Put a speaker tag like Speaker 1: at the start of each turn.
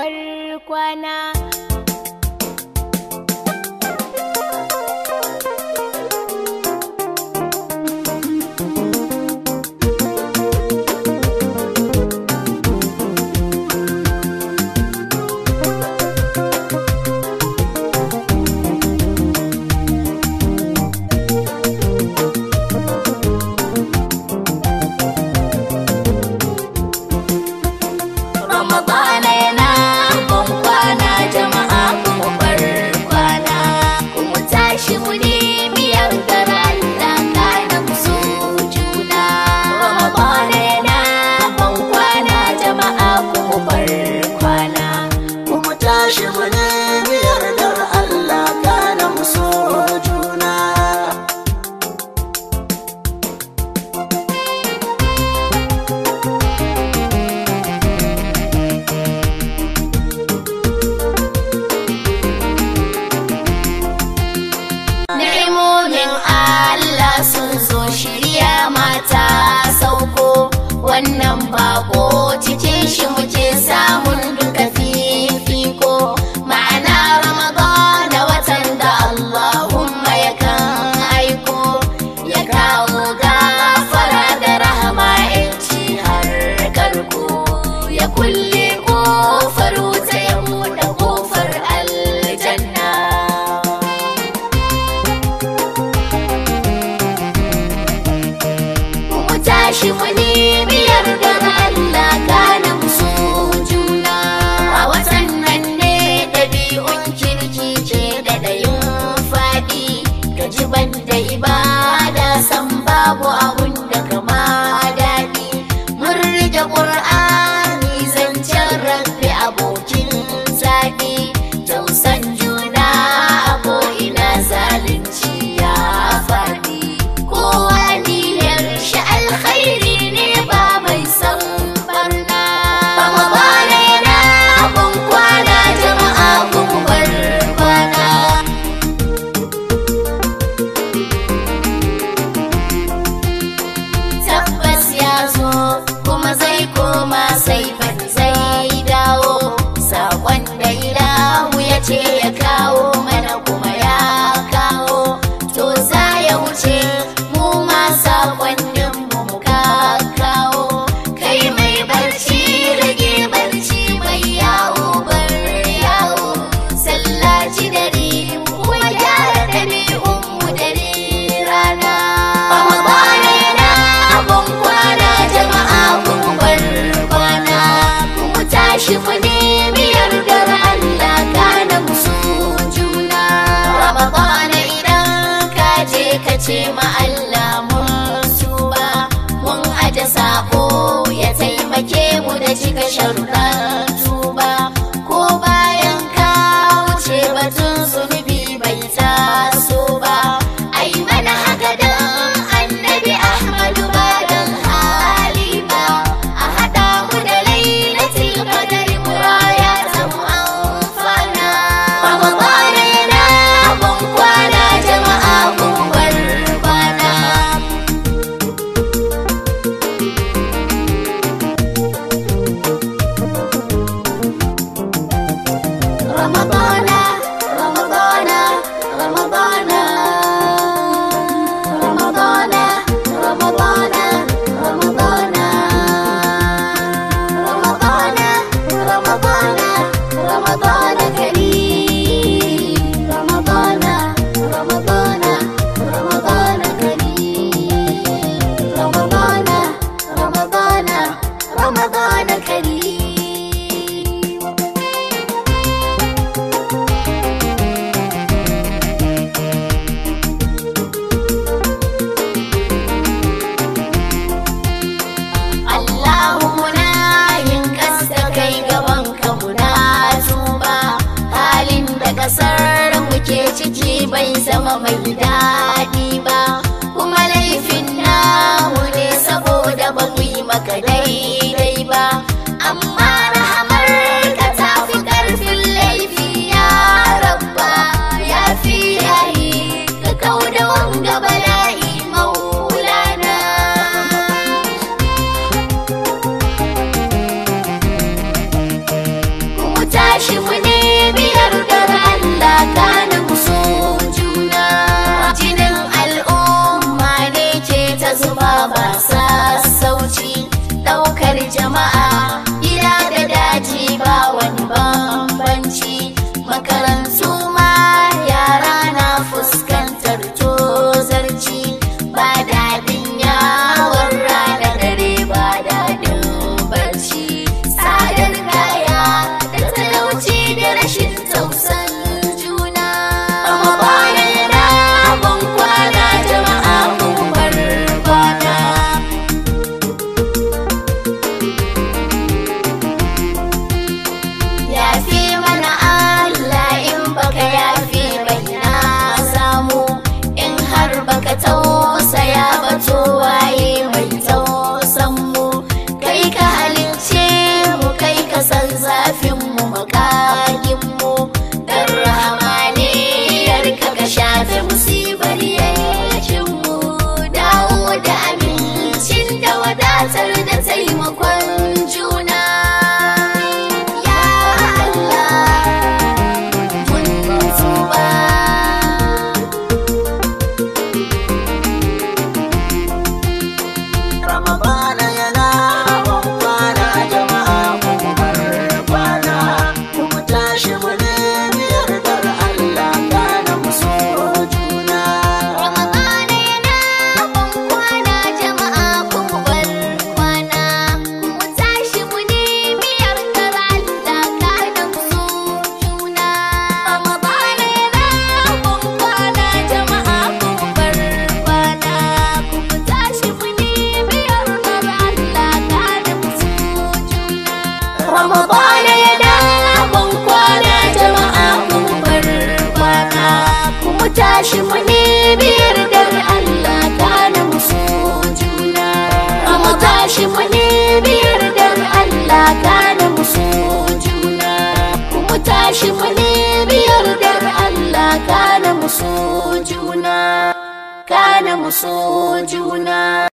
Speaker 1: farkwana. 因为。ce ma Allah mun su ba mun aje sako ya taimake mu da cika sharuɗa Oh my God. God. ramadana ya dawo kwana jama'a mu bar kwana Mu tashi mu ne biyar dan Allah kana mu so juna Mu tashi mu ne biyar dan Allah kana mu so juna Mu tashi mu ne biyar dan Allah kana mu so juna kana mu so juna